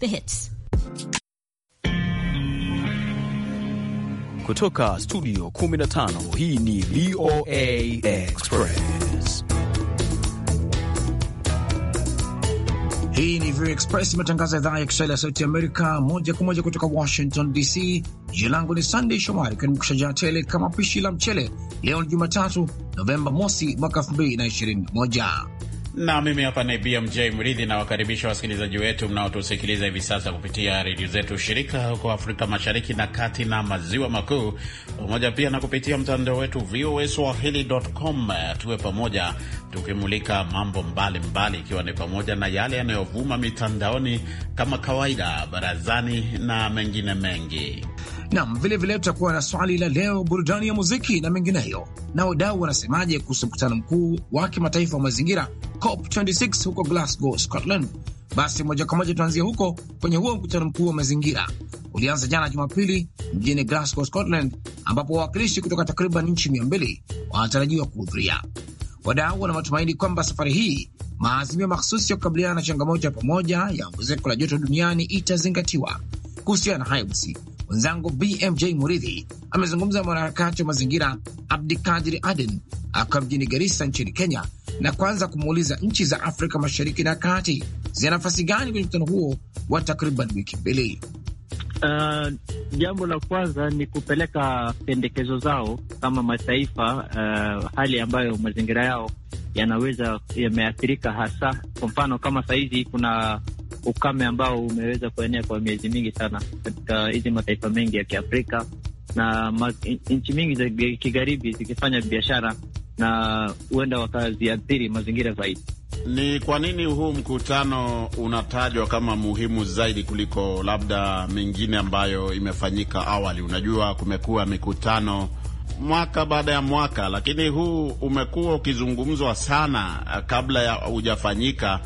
The Hits. Kutoka studio 15 hii ni VOA Express. Hii ni VOA Express, matangazo ya idhaa ya Kiswahili ya Sauti Amerika, moja kwa moja kutoka Washington DC. Jina langu ni Sunday Shomari, kanikushajaa tele kama pishi la mchele. Leo ni Jumatatu, Novemba mosi, mwaka 2021 na mimi hapa ni BMJ Mridhi, nawakaribisha wasikilizaji wetu mnaotusikiliza hivi sasa kupitia redio zetu shirika huko Afrika Mashariki na Kati na Maziwa Makuu, pamoja pia na kupitia mtandao wetu VOA Swahili.com. Tuwe pamoja tukimulika mambo mbalimbali, ikiwa mbali ni pamoja na yale yanayovuma mitandaoni kama kawaida, barazani na mengine mengi. Nam, vilevile tutakuwa na swali la leo, burudani ya muziki na mengineyo, na wadau wanasemaje kuhusu mkutano mkuu wa kimataifa wa mazingira COP 26 huko Glasgow, Scotland. Basi moja kwa moja tuanzia huko kwenye huo mkutano mkuu wa mazingira ulianza jana Jumapili mjini Glasgow, Scotland, ambapo wawakilishi kutoka takriban nchi mia mbili wanatarajiwa kuhudhuria. Wadau wana matumaini kwamba safari hii maazimio makhususi ya kukabiliana na changamoto ya pamoja ya ongezeko la joto duniani itazingatiwa. Kuhusiana na hayo basi, mwenzangu BMJ Muridhi amezungumza mwanaharakati wa mazingira Abdikadir Aden akiwa mjini Garissa nchini Kenya, na kwanza kumuuliza nchi za Afrika Mashariki na Kati zina nafasi gani kwenye mkutano huo wa takriban wiki mbili. Uh, jambo la kwanza ni kupeleka pendekezo zao kama mataifa uh, hali ambayo mazingira yao yanaweza yameathirika, hasa kwa mfano kama sahizi kuna ukame ambao umeweza kuenea kwa miezi mingi sana katika hizi mataifa mengi ya Kiafrika na nchi mingi za kigharibi zikifanya biashara na huenda wakaziathiri mazingira zaidi. Ni kwa nini huu mkutano unatajwa kama muhimu zaidi kuliko labda mingine ambayo imefanyika awali? Unajua, kumekuwa mikutano mwaka baada ya mwaka, lakini huu umekuwa ukizungumzwa sana kabla ya hujafanyika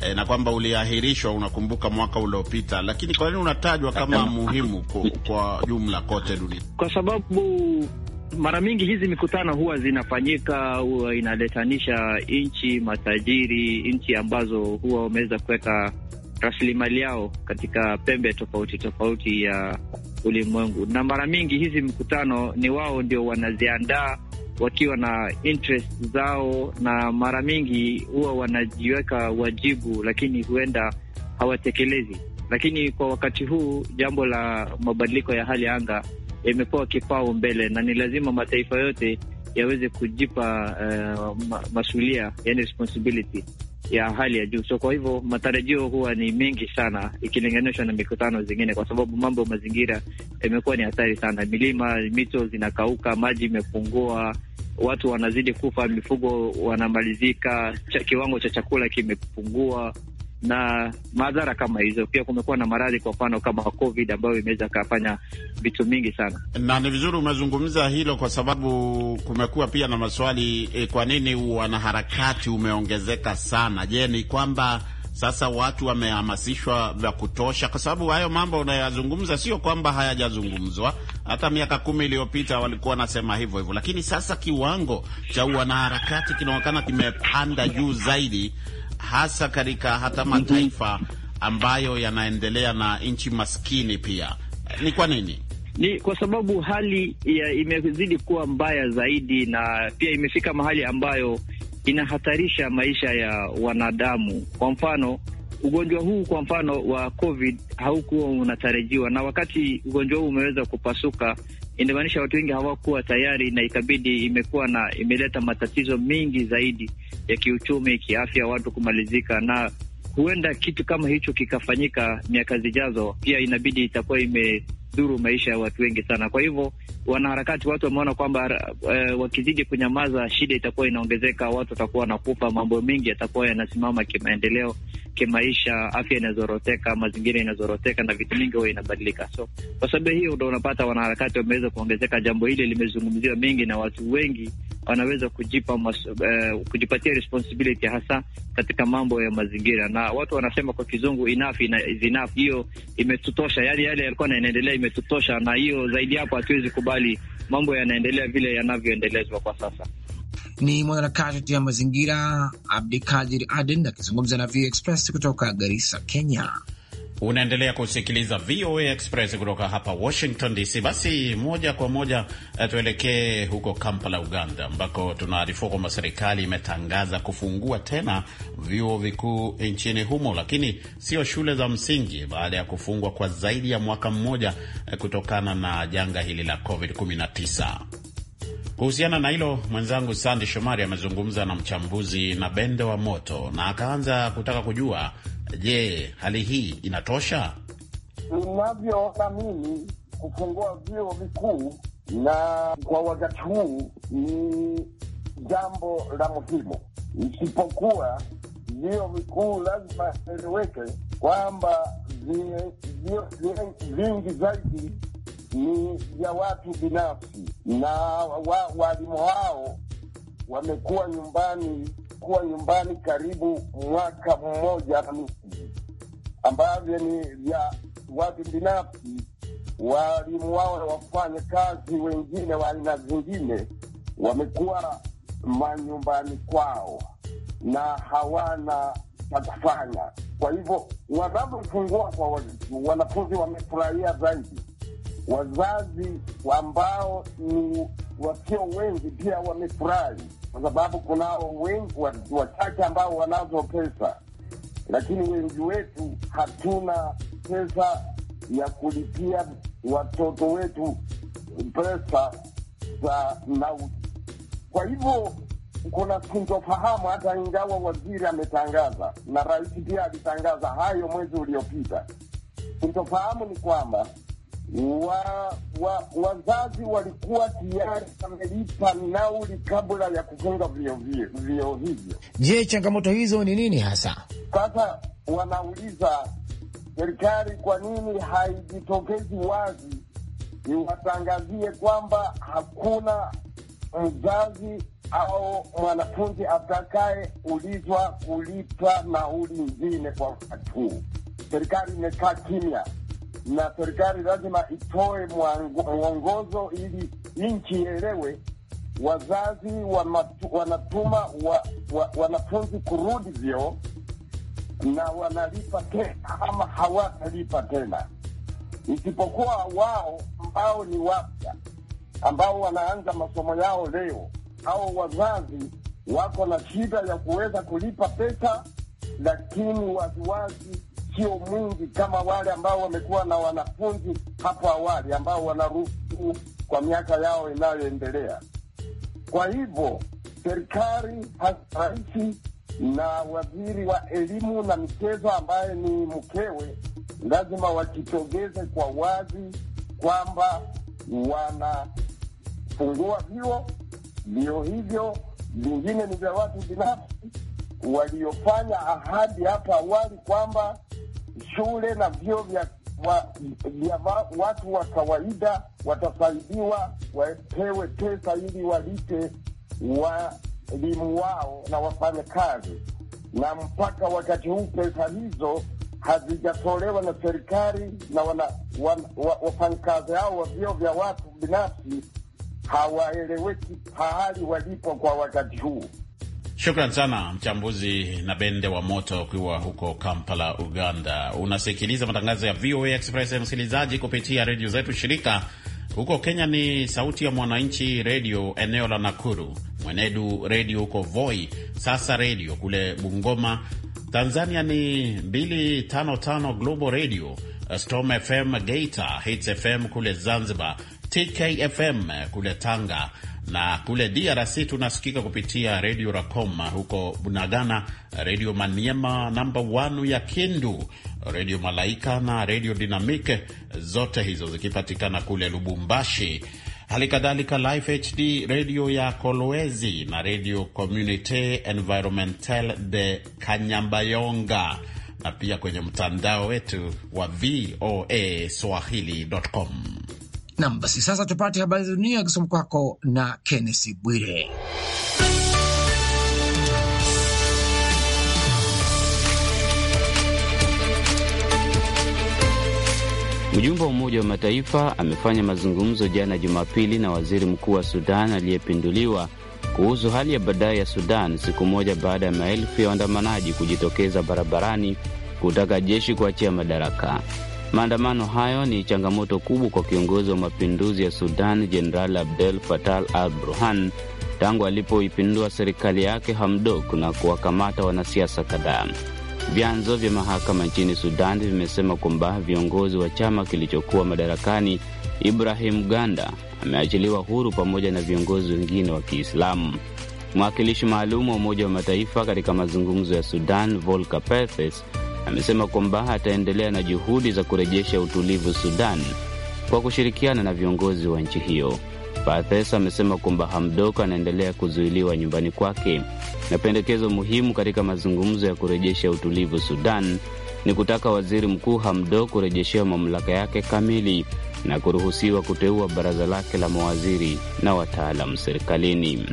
e, na kwamba uliahirishwa, unakumbuka, mwaka uliopita, lakini kwa nini unatajwa kama muhimu kwa, kwa jumla kote duniani? Kwa sababu mara mingi hizi mikutano huwa zinafanyika, huwa inaletanisha nchi matajiri, nchi ambazo huwa wameweza kuweka rasilimali yao katika pembe tofauti tofauti ya ulimwengu, na mara mingi hizi mikutano ni wao ndio wanaziandaa wakiwa na interest zao, na mara mingi huwa wanajiweka wajibu, lakini huenda hawatekelezi. Lakini kwa wakati huu jambo la mabadiliko ya hali ya anga yamekuwa kipao mbele na ni lazima mataifa yote yaweze kujipa uh, masulia, yani responsibility ya hali ya juu. So kwa hivyo matarajio huwa ni mengi sana ikilinganishwa na mikutano zingine, kwa sababu mambo ya mazingira yamekuwa ni hatari sana. Milima, mito zinakauka, maji imepungua, watu wanazidi kufa, mifugo wanamalizika, cha, kiwango cha chakula kimepungua na madhara kama hizo. Pia kumekuwa na maradhi kwa mfano kama COVID ambayo imeweza kafanya vitu mingi sana, na ni vizuri umezungumza hilo kwa sababu kumekuwa pia na maswali eh, kwa nini wanaharakati umeongezeka sana? Je, ni kwamba sasa watu wamehamasishwa vya kutosha? Kwa sababu hayo mambo unayazungumza sio kwamba hayajazungumzwa, hata miaka kumi iliyopita walikuwa wanasema hivyo hivyo, lakini sasa kiwango cha wanaharakati kinaonekana kimepanda juu zaidi hasa katika hata mataifa ambayo yanaendelea na nchi maskini pia. Ni kwa nini? Ni kwa sababu hali ya imezidi kuwa mbaya zaidi, na pia imefika mahali ambayo inahatarisha maisha ya wanadamu. Kwa mfano ugonjwa huu kwa mfano wa COVID haukuwa unatarajiwa, na wakati ugonjwa huu umeweza kupasuka inamaanisha watu wengi hawakuwa tayari, na ikabidi imekuwa na imeleta matatizo mengi zaidi ya kiuchumi, kiafya, watu kumalizika na huenda kitu kama hicho kikafanyika miaka zijazo, pia inabidi itakuwa ime dhuru maisha ya watu wengi sana. Kwa hivyo wanaharakati, watu wameona kwamba e, wakizidi kunyamaza, shida itakuwa inaongezeka, watu watakuwa wanakufa, mambo mengi yatakuwa yanasimama kimaendeleo, kimaisha, afya inazoroteka, mazingira inazoroteka na vitu mingi huwa inabadilika. So kwa sababu hiyo ndo unapata wanaharakati wameweza kuongezeka. Jambo hili limezungumziwa mengi na watu wengi wanaweza kujipa mas, uh, kujipatia responsibility hasa katika mambo ya mazingira, na watu wanasema kwa kizungu enough is enough. Hiyo imetutosha, yani yale yalikuwa yanaendelea imetutosha, na hiyo zaidi hapo hatuwezi kubali mambo yanaendelea vile yanavyoendelezwa kwa sasa. Ni mwanaharakati ya mazingira Abdikadir Aden akizungumza na View Express kutoka Garissa, Kenya. Unaendelea kusikiliza VOA Express kutoka hapa Washington DC. Basi moja kwa moja eh, tuelekee huko Kampala, Uganda, ambako tunaarifu kwamba serikali imetangaza kufungua tena vyuo vikuu nchini humo, lakini sio shule za msingi, baada ya kufungwa kwa zaidi ya mwaka mmoja eh, kutokana na janga hili la COVID-19. Kuhusiana na hilo, mwenzangu Sandi Shomari amezungumza na mchambuzi na Bende wa Moto na akaanza kutaka kujua, je, hali hii inatosha? Inavyoona mimi kufungua vyuo vikuu na kwa wakati huu ni jambo la muhimu, isipokuwa vyuo vikuu lazima eleweke kwamba vingi zaidi ni vya watu binafsi, na walimu wa, wa wamekuwa nyumbani kuwa nyumbani karibu mwaka mmoja na nusu, ambavyo ni vya watu binafsi. Walimu wao na wafanya kazi wengine wa aina zingine wamekuwa manyumbani kwao na hawana cha kufanya. Kwa hivyo wanapofungua kwa wanafunzi, wamefurahia zaidi wazazi ambao ni wasio wengi pia wamefurahi, kwa sababu kunao wengi wachache ambao wanazo pesa, lakini wengi wetu hatuna pesa ya kulipia watoto wetu pesa za nauti. Kwa hivyo kuna sintofahamu, hata ingawa waziri ametangaza na rais pia alitangaza hayo mwezi uliopita. Sintofahamu ni kwamba wa, wa, wazazi walikuwa tayari wamelipa nauli kabla ya kufunga vio hivyo. Je, changamoto hizo ni nini hasa? Sasa wanauliza serikali, kwa nini haijitokezi wazi iwatangazie kwamba hakuna mzazi au mwanafunzi atakaye ulizwa kulipa nauli nyingine kwa wakati huu? Serikali imekaa kimya na serikali lazima itoe mwongozo ili nchi ielewe. Wazazi wanatuma wa, wa, wanafunzi kurudi vyoo na wanalipa tena ama hawatalipa tena, isipokuwa wao ambao ni wapya ambao wanaanza masomo yao leo, au wazazi wako na shida ya kuweza kulipa pesa, lakini waziwazi sio mwingi kama wale ambao wamekuwa na wanafunzi hapo awali ambao wanaruhusu kwa miaka yao inayoendelea. Kwa hivyo serikali, hasa rais na waziri wa elimu na michezo ambaye ni mkewe, lazima wajitogeze kwa wazi kwamba wanafungua vio vio hivyo, vingine ni vya watu binafsi waliofanya ahadi hapa awali kwamba shule na vyuo vya wa, vya va, watu wa kawaida watasaidiwa wapewe pesa ili walipe walimu wao na wafanye kazi, na mpaka wakati huu pesa hizo hazijatolewa na serikali na wana, wana, wa, wafanyakazi hao wa vyuo vya watu binafsi hawaeleweki pahali walipo kwa wakati huu. Shukran sana mchambuzi na bende wa moto ukiwa huko Kampala, Uganda. Unasikiliza matangazo ya VOA Express msikilizaji, kupitia redio zetu shirika. Huko Kenya ni Sauti ya Mwananchi redio eneo la Nakuru, Mwenedu redio huko Voi, Sasa redio kule Bungoma. Tanzania ni 255 Global Radio, Storm FM Geita, Hits FM kule Zanzibar, TKFM kule Tanga na kule DRC tunasikika kupitia redio racoma huko Bunagana, redio Maniema namba 1 ya Kindu, redio Malaika na redio Dinamike, zote hizo zikipatikana kule Lubumbashi. Hali kadhalika Life HD redio ya Kolwezi na redio Communite Environmental de Kanyambayonga, na pia kwenye mtandao wetu wa VOA swahili.com. Nam, basi sasa tupate habari za dunia akisoma kwako na Kennesi Bwire. Mjumbe wa Umoja wa Mataifa amefanya mazungumzo jana Jumapili na waziri mkuu wa Sudan aliyepinduliwa kuhusu hali ya baadaye ya Sudan, siku moja baada ya maelfu ya waandamanaji kujitokeza barabarani kutaka jeshi kuachia madaraka. Maandamano hayo ni changamoto kubwa kwa kiongozi wa mapinduzi ya Sudan Jeneral Abdel fatal al Burhan tangu alipoipindua serikali yake Hamdok na kuwakamata wanasiasa kadhaa. Vyanzo vya mahakama nchini Sudan vimesema kwamba viongozi wa chama kilichokuwa madarakani Ibrahim Ganda ameachiliwa huru pamoja na viongozi wengine wa Kiislamu. Mwakilishi maalum wa Umoja wa Mataifa katika mazungumzo ya Sudan Volker Perthes amesema kwamba ataendelea na juhudi za kurejesha utulivu Sudan kwa kushirikiana na viongozi wa nchi hiyo. Bathes amesema kwamba Hamdok anaendelea kuzuiliwa nyumbani kwake na pendekezo muhimu katika mazungumzo ya kurejesha utulivu Sudan ni kutaka waziri mkuu Hamdok kurejeshewa mamlaka yake kamili na kuruhusiwa kuteua baraza lake la mawaziri na wataalam serikalini.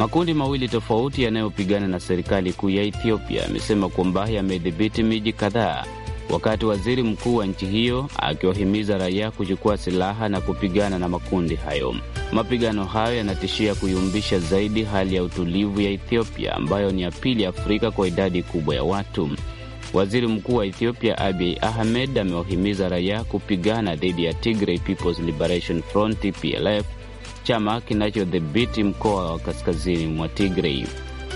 Makundi mawili tofauti yanayopigana na serikali kuu ya Ethiopia yamesema kwamba yamedhibiti miji kadhaa, wakati waziri mkuu wa nchi hiyo akiwahimiza raia kuchukua silaha na kupigana na makundi hayo. Mapigano hayo yanatishia kuyumbisha zaidi hali ya utulivu ya Ethiopia ambayo ni ya pili Afrika kwa idadi kubwa ya watu. Waziri mkuu wa Ethiopia Abiy Ahmed amewahimiza raia kupigana dhidi ya Tigray People's Liberation Front TPLF chama kinachodhibiti mkoa wa kaskazini mwa Tigrei.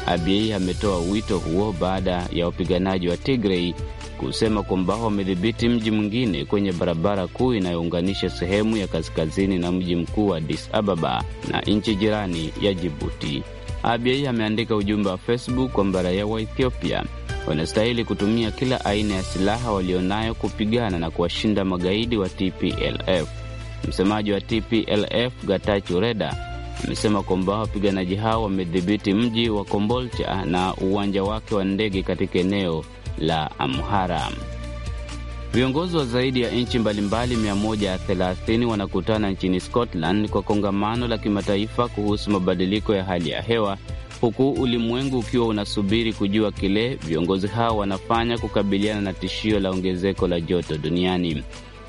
Abiy ametoa wito huo baada ya wapiganaji wa Tigrei kusema kwamba wamedhibiti mji mwingine kwenye barabara kuu inayounganisha sehemu ya kaskazini na mji mkuu wa Addis Ababa na nchi jirani ya Jibuti. Abiy ameandika ujumbe wa Facebook kwamba raia wa Ethiopia wanastahili kutumia kila aina ya silaha walionayo kupigana na kuwashinda magaidi wa TPLF. Msemaji wa TPLF Getachew Reda amesema kwamba wapiganaji hao wamedhibiti mji wa Kombolcha na uwanja wake wa ndege katika eneo la Amhara. Viongozi wa zaidi ya nchi mbalimbali 130 wanakutana nchini Scotland kwa kongamano la kimataifa kuhusu mabadiliko ya hali ya hewa, huku ulimwengu ukiwa unasubiri kujua kile viongozi hao wanafanya kukabiliana na tishio la ongezeko la joto duniani.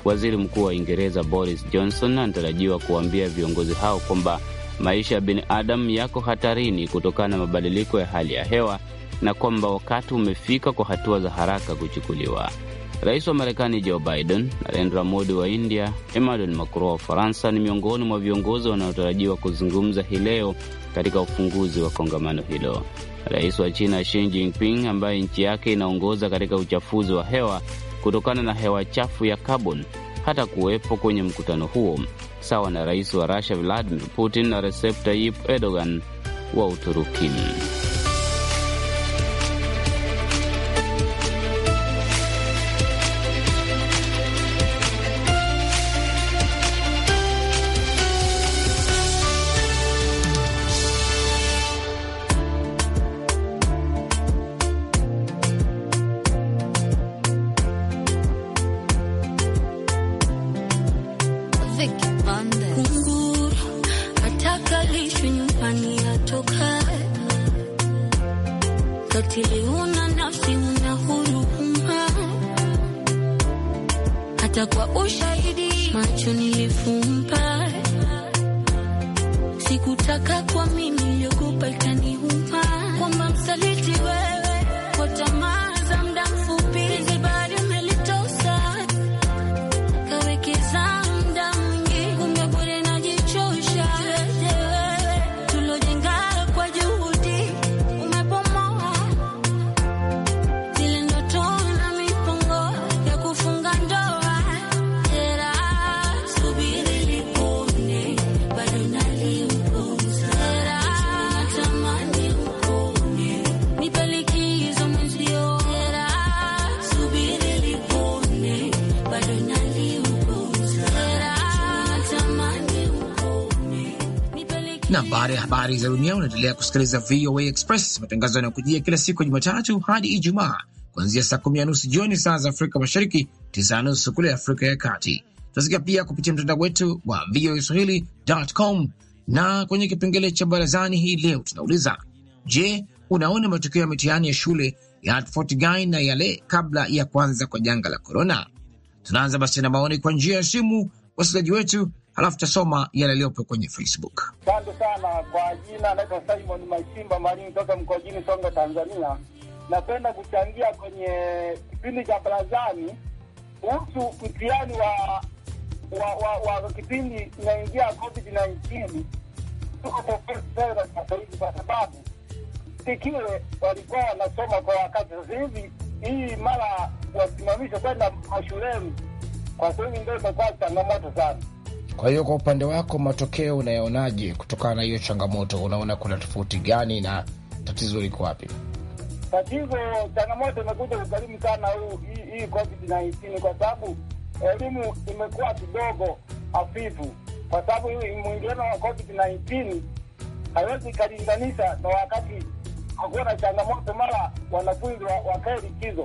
Waziri Mkuu wa Uingereza Boris Johnson anatarajiwa kuwaambia viongozi hao kwamba maisha ya binadamu yako hatarini kutokana na mabadiliko ya hali ya hewa na kwamba wakati umefika kwa hatua za haraka kuchukuliwa. Rais wa Marekani Joe Biden, Narendra Modi wa India, Emmanuel Macron wa Ufaransa ni miongoni mwa viongozi wanaotarajiwa kuzungumza hii leo katika ufunguzi wa kongamano hilo. Rais wa China Xi Jinping, ambaye nchi yake inaongoza katika uchafuzi wa hewa, kutokana na hewa chafu ya kaboni hata kuwepo kwenye mkutano huo, sawa na rais wa rusia Vladimir Putin na Recep Tayyip Erdogan wa Uturukini. baada ya habari za dunia. Unaendelea kusikiliza VOA Express, matangazo yanayokujia kila siku ya Jumatatu hadi Ijumaa kuanzia saa kumi na nusu jioni saa za Afrika Mashariki, tisa na nusu kule Afrika ya Kati. Tunasikia pia kupitia mtandao wetu wa VOA Swahili.com, na kwenye kipengele cha barazani hii leo tunauliza, je, unaona matokeo ya mitihani ya shule ya tofauti gani na yale kabla ya kuanza kwa janga la korona? Tunaanza basi na maoni kwa njia ya simu. Wasikilizaji wetu halafu tasoma yale yaliyopo kwenye Facebook. Asante sana kwa jina, naitwa Simon Maisimba Marini toka mkojini Songa, Tanzania. Napenda kuchangia kwenye kipindi cha barazani kuhusu mtihani wa wa, wa, wa kipindi inaingia COVID-19 sasahivi, kwa sababu sikile walikuwa wanasoma kwa wakati. Sasa hivi hii mara wasimamisha kwenda mashuleni, kwa sahivi ndio imekuwa changamoto sana. Kwa hiyo kwa upande wako matokeo unayoonaje kutokana na hiyo changamoto? Unaona kuna tofauti gani na tatizo liko wapi? Tatizo, changamoto imekuja kugharimu sana hii COVID-19 kwa sababu elimu imekuwa kidogo hafifu, kwa sababu mwingiliano wa COVID-19 hawezi ikalinganisha na wakati hakuwa na changamoto mara wanafunzi wakae likizo.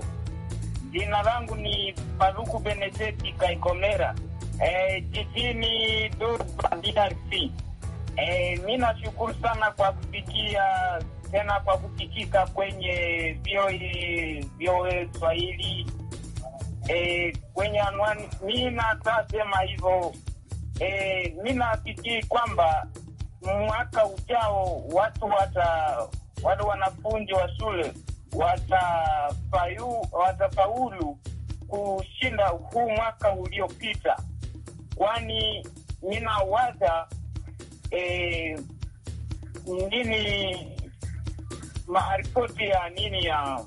Jina langu ni Paruku Benedeti Kaikomera eh, jijini Durba, DRC. Eh, mi nashukuru sana kwa kufikia tena kwa kufikika kwenye VOA Swahili eh, kwenye anwani. Mi natasema hivyo eh, mi nafikiri kwamba mwaka ujao watu wata wale wanafunzi wa shule watafaulu kushinda huu mwaka uliopita kwani ninawaza e, nini maripoti ya nini ya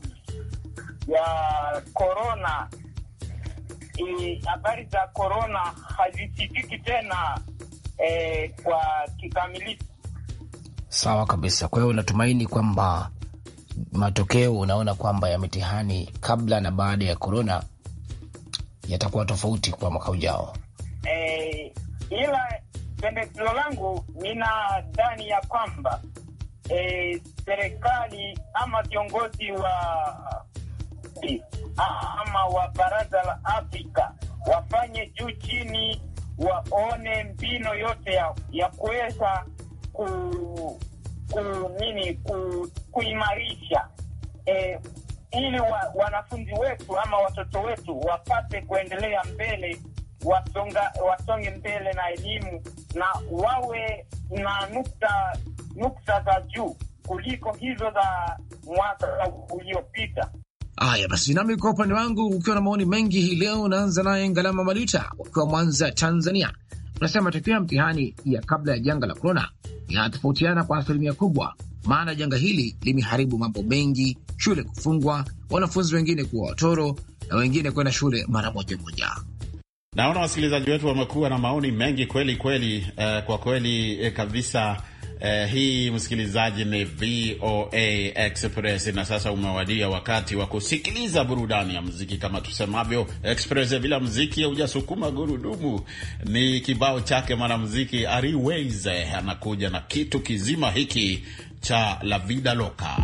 ya korona e, habari e, za korona hazisifiki tena e, kwa kikamilifu. Sawa kabisa. Kwa hiyo unatumaini kwamba matokeo unaona kwamba ya mitihani kabla na baada ya korona yatakuwa tofauti kwa mwaka ujao? eh, ila pendekezo langu nina dhani ya kwamba eh, serikali ama viongozi wa ah, ama wa Baraza la Afrika wafanye juu chini, waone mbino yote ya, ya kuweza ku, ku, nini ku, kuimarisha eh, ili wa, wanafunzi wetu ama watoto wetu wapate kuendelea mbele wasonga, wasonge mbele na elimu na wawe na nukta nukta za juu kuliko hizo za mwaka uliopita. Haya basi, nami kwa upande wangu ukiwa na maoni mengi hii leo, unaanza naye Ngalama Malita wakiwa Mwanza, Tanzania. Unasema matokeo ya mtihani ya kabla ya janga la korona yanatofautiana kwa asilimia kubwa, maana janga hili limeharibu mambo mengi, shule kufungwa, wanafunzi wengine kuwa watoro na wengine kwenda shule mara moja moja. Naona wasikilizaji wetu wamekuwa na maoni mengi kweli kweli. Eh, kwa kweli eh, kabisa eh, hii msikilizaji ni VOA Express, na sasa umewadia wakati wa kusikiliza burudani ya muziki. Kama tusemavyo Express eh, bila muziki haujasukuma gurudumu. Ni kibao chake mwanamuziki Ari Weize eh, anakuja na kitu kizima hiki cha La Vida Loca.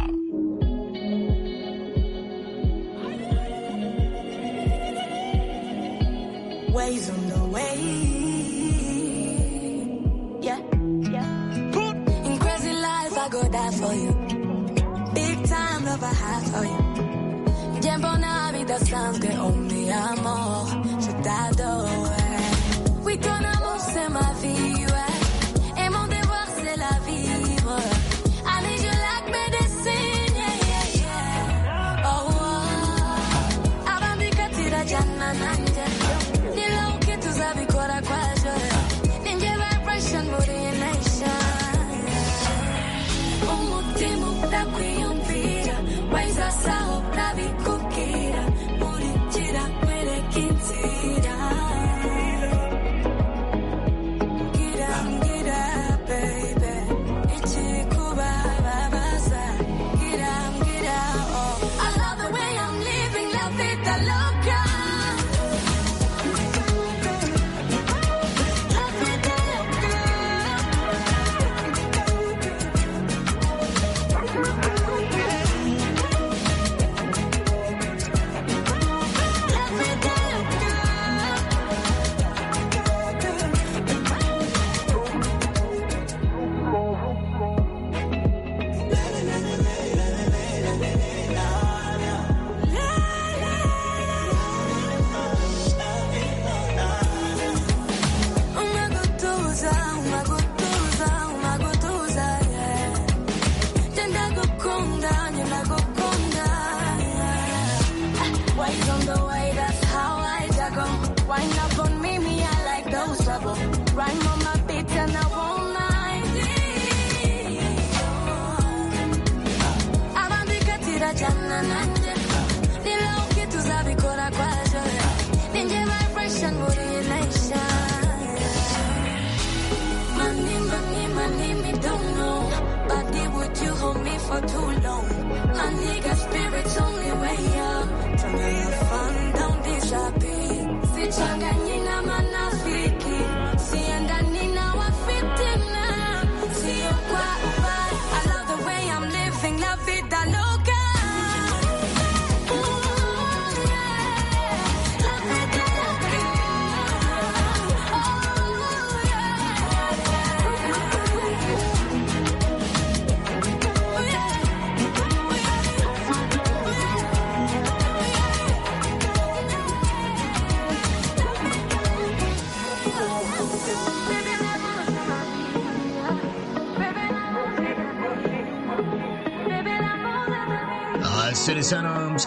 always on the way. Yeah, yeah. In crazy life, I go die for you. Big time love I have for you. Jump on the sounds que on me amo. So that We gonna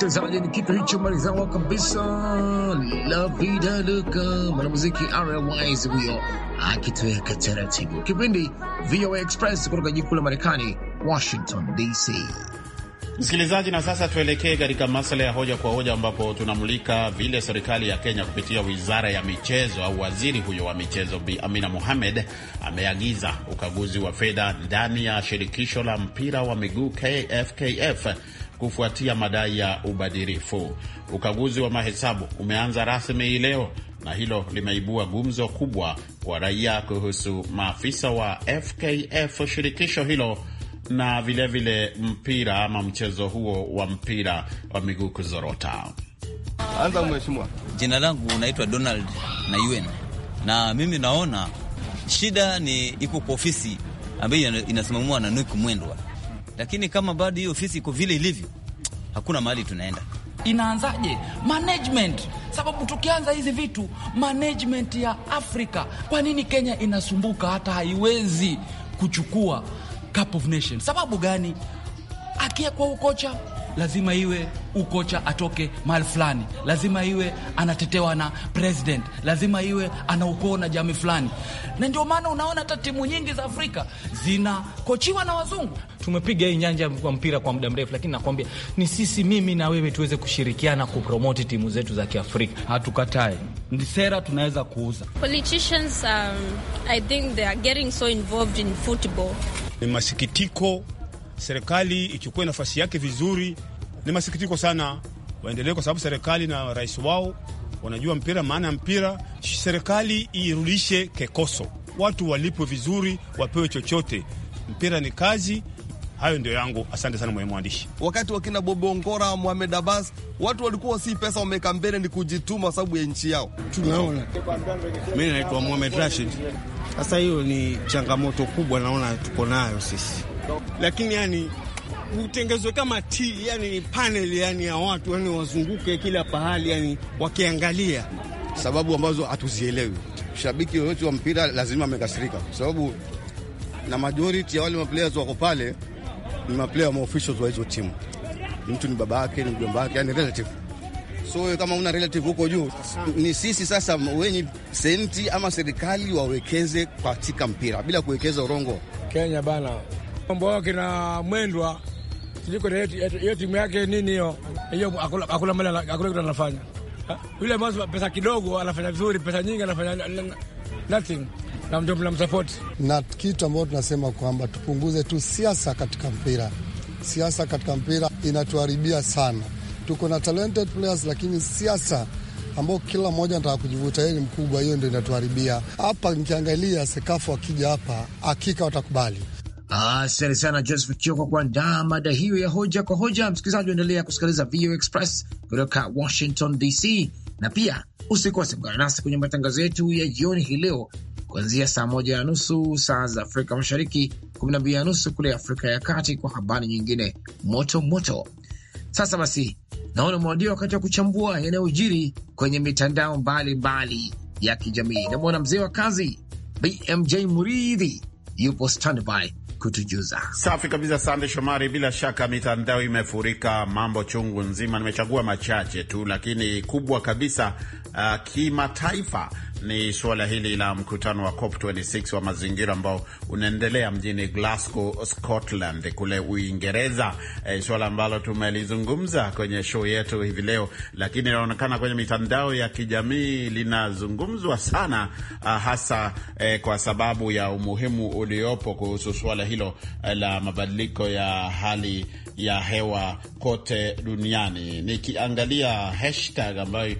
msikilizaji, ni kitu hicho marizao kabisa, la vida loca, mwanamuziki RLYs huyo akitoweka taratibu. Kipindi VOA Express kutoka jiji kuu la Marekani, Washington DC. Msikilizaji, na sasa tuelekee katika masuala ya hoja kwa hoja, ambapo tunamulika vile serikali ya Kenya kupitia wizara ya michezo au waziri huyo wa michezo Bi Amina Mohamed ameagiza ukaguzi wa fedha ndani ya shirikisho la mpira wa miguu KFKF kufuatia madai ya ubadhirifu. Ukaguzi wa mahesabu umeanza rasmi hii leo na hilo limeibua gumzo kubwa kwa raia kuhusu maafisa wa FKF shirikisho hilo na vilevile vile mpira ama mchezo huo wa mpira wa miguu kuzorota. Anza mheshimiwa. Jina langu unaitwa Donald na UN, na mimi naona shida ni iko kwa ofisi ambayo inasimamiwa na Nuik Mwendwa lakini kama bado hiyo ofisi iko vile ilivyo, hakuna mahali tunaenda. Inaanzaje management? Sababu tukianza hizi vitu management ya Afrika, kwa nini Kenya inasumbuka hata haiwezi kuchukua Cup of Nations? Sababu gani? Akiekwa ukocha lazima iwe ukocha atoke mahali fulani, lazima iwe anatetewa na president, lazima iwe ana ukoo na jamii fulani, na ndio maana unaona hata timu nyingi za Afrika zinakochiwa na wazungu. Tumepiga hii nyanja ya mpira kwa muda mrefu, lakini nakwambia ni sisi, mimi na wewe, tuweze kushirikiana kupromoti timu zetu za Kiafrika. hatukatae ni sera tunaweza kuuza. Politicians, um, I think they are getting so involved in football. Ni masikitiko serikali ichukue nafasi yake vizuri. Ni masikitiko sana, waendelee kwa sababu serikali na rais wao wanajua mpira, maana ya mpira. Serikali irudishe kekoso, watu walipwe vizuri, wapewe chochote. Mpira ni kazi. Hayo ndio yangu, asante sana mwenye mwandishi. Wakati wakina Bobongora, Mohamed Abbas, watu walikuwa si pesa wameweka mbele, ni kujituma sababu ya nchi yao. Tunaona, mi naitwa Mohamed Rashid. Sasa hiyo ni changamoto kubwa, naona tuko nayo sisi lakini yani utengezwe kama t yani panel yani ya watu yani wazunguke kila pahali yani wakiangalia sababu ambazo hatuzielewi. Shabiki yoyote wa mpira lazima amekasirika, kwa sababu na majority ya wale maplayers wako pale ni maplayer wa officials wa hizo timu. Mtu ni baba yake, ni mjomba wake, yani relative. So kama una relative huko juu, ni sisi sasa wenye senti ama serikali wawekeze katika mpira bila kuwekeza urongo. Kenya bana mambo wake na mwendwa siliko hiyo timu yake nini hiyo hiyo, akula mali akula kitu anafanya yule mwanzo, pesa kidogo anafanya vizuri, pesa nyingi anafanya nothing, na mtu support. Na kitu ambacho tunasema kwamba tupunguze tu siasa katika mpira. Siasa katika mpira inatuharibia sana. Tuko na talented players, lakini siasa ambao kila mmoja anataka kujivuta yeye ni mkubwa, hiyo ndio inatuharibia hapa. Nikiangalia Sekafu akija hapa, hakika watakubali Asante sana Joseph Kio kwa kuandaa mada hiyo ya hoja kwa hoja. Msikilizaji, uendelea kusikiliza VOA Express kutoka Washington DC, na pia usikose kuungana nasi kwenye matangazo yetu ya jioni hii leo kuanzia saa moja na nusu saa za Afrika Mashariki, kumi na mbili na nusu kule Afrika ya Kati, kwa habari nyingine moto moto. Sasa basi, naona mwadia wakati wa kuchambua yanayojiri kwenye mitandao mbalimbali ya kijamii. Namwona mzee wa kazi BMJ Muridhi yupo standby kutujuza. Safi kabisa, sande Shomari. Bila shaka mitandao imefurika mambo chungu nzima, nimechagua machache tu, lakini kubwa kabisa uh, kimataifa ni suala hili la mkutano wa COP26 wa mazingira ambao unaendelea mjini Glasgow, Scotland kule Uingereza, e, suala ambalo tumelizungumza kwenye show yetu hivi leo, lakini inaonekana kwenye mitandao ya kijamii linazungumzwa sana ah, hasa e, kwa sababu ya umuhimu uliopo kuhusu suala hilo eh, la mabadiliko ya hali ya hewa kote duniani. Nikiangalia hashtag ambayo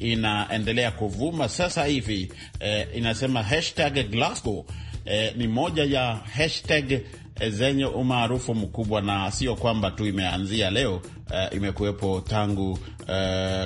inaendelea kuvuma sasa hivi eh, inasema hashtag Glasgow eh, ni moja ya hashtag eh, zenye umaarufu mkubwa na sio kwamba tu imeanzia leo uh, imekuwepo tangu uh,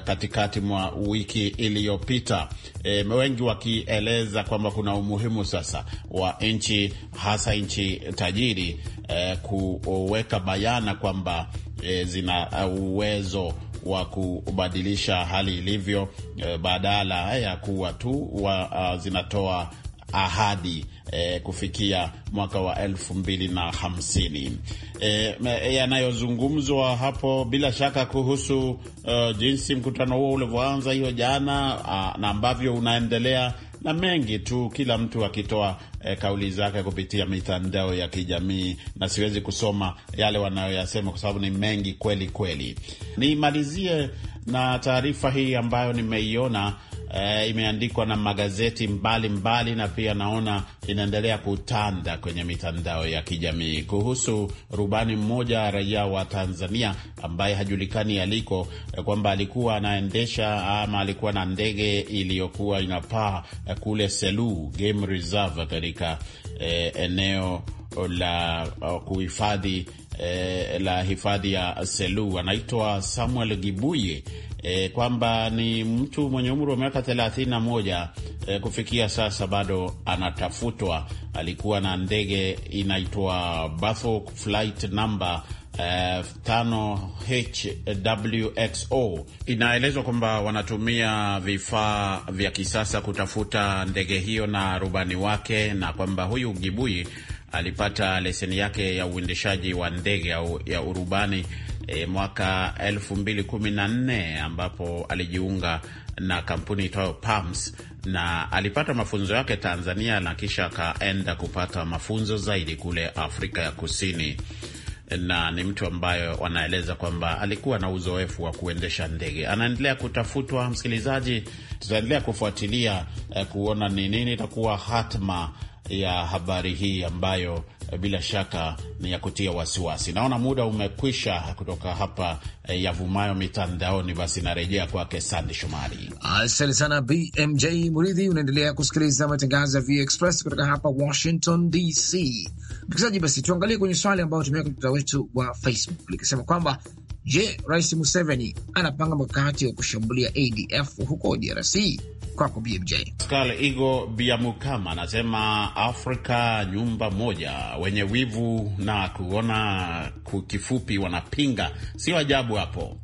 katikati mwa wiki iliyopita, e, wengi wakieleza kwamba kuna umuhimu sasa wa nchi hasa nchi tajiri uh, kuweka bayana kwamba E, zina uwezo wa kubadilisha hali ilivyo, e, badala ya kuwa tu wa, a, zinatoa ahadi e, kufikia mwaka wa elfu mbili na hamsini. E, yanayozungumzwa hapo bila shaka kuhusu uh, jinsi mkutano huo ulivyoanza hiyo jana uh, na ambavyo unaendelea na mengi tu, kila mtu akitoa eh, kauli zake kupitia mitandao ya kijamii, na siwezi kusoma yale wanayoyasema kwa sababu ni mengi kweli kweli. Nimalizie na taarifa hii ambayo nimeiona e, imeandikwa na magazeti mbalimbali mbali, na pia naona inaendelea kutanda kwenye mitandao ya kijamii kuhusu rubani mmoja raia wa Tanzania ambaye hajulikani aliko, eh, kwamba alikuwa anaendesha ama alikuwa na ndege iliyokuwa inapaa eh, kule Selu Game Reserve katika e, eneo la kuhifadhi e, la hifadhi ya Selu anaitwa Samuel Gibuye e, kwamba ni mtu mwenye umri wa miaka 31 e, eh, kufikia sasa bado anatafutwa. Alikuwa na ndege inaitwa Bafo flight number Uh, 5HWXO. Inaelezwa kwamba wanatumia vifaa vya kisasa kutafuta ndege hiyo na rubani wake, na kwamba huyu Gibui alipata leseni yake ya uendeshaji wa ndege ya urubani e, mwaka 2014 ambapo alijiunga na kampuni itwayo PAMS na alipata mafunzo yake Tanzania na kisha akaenda kupata mafunzo zaidi kule Afrika ya Kusini na ni mtu ambaye wanaeleza kwamba alikuwa na uzoefu wa kuendesha ndege. Anaendelea kutafutwa, msikilizaji, tutaendelea kufuatilia eh, kuona ni nini itakuwa hatma ya habari hii ambayo eh, bila shaka ni ya kutia wasiwasi. Naona muda umekwisha kutoka hapa eh, yavumayo mitandaoni. Basi narejea kwake Sande Shomari. Asante sana BMJ Muridhi. Unaendelea kusikiliza matangazo ya VOA Express kutoka hapa Washington DC. Msikilizaji, basi tuangalie kwenye swali ambayo tumeweka mtandao wetu wa Facebook likisema kwamba je, Rais Museveni anapanga mkakati wa kushambulia ADF huko DRC? kwako BMJ. Pascal Igo Biamukama anasema Afrika nyumba moja, wenye wivu na kuona kifupi wanapinga, sio ajabu hapo.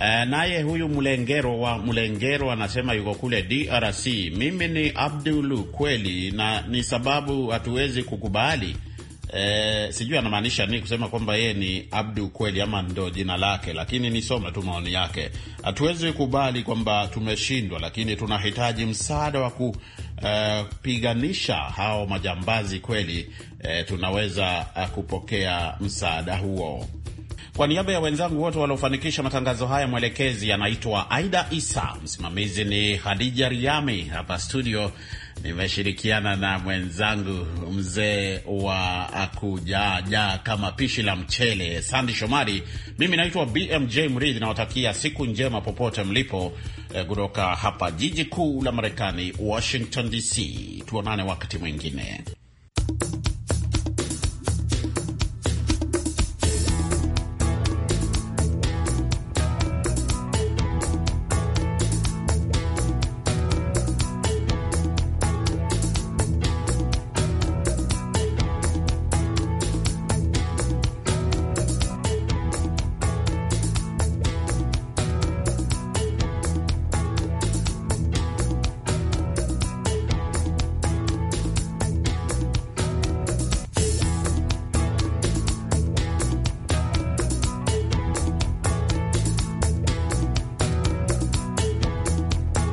Uh, naye huyu Mlengero wa Mlengero anasema yuko kule DRC. Mimi ni Abdulu kweli, na ni sababu hatuwezi kukubali Eh, sijui anamaanisha nini kusema kwamba yeye ni Abdu kweli ama ndo jina lake, lakini nisome tu maoni yake. Hatuwezi kubali kwamba tumeshindwa, lakini tunahitaji msaada wa kupiganisha eh, uh, hao majambazi kweli. Eh, tunaweza eh, kupokea msaada huo. Kwa niaba ya wenzangu wote waliofanikisha matangazo haya, mwelekezi anaitwa Aida Isa, msimamizi ni hadija Riami, hapa studio Nimeshirikiana na mwenzangu mzee wa kujaajaa kama pishi la mchele Sandi Shomari. Mimi naitwa BMJ Mridhi, nawatakia siku njema popote mlipo, eh, kutoka hapa jiji kuu la Marekani, Washington DC. Tuonane wakati mwingine.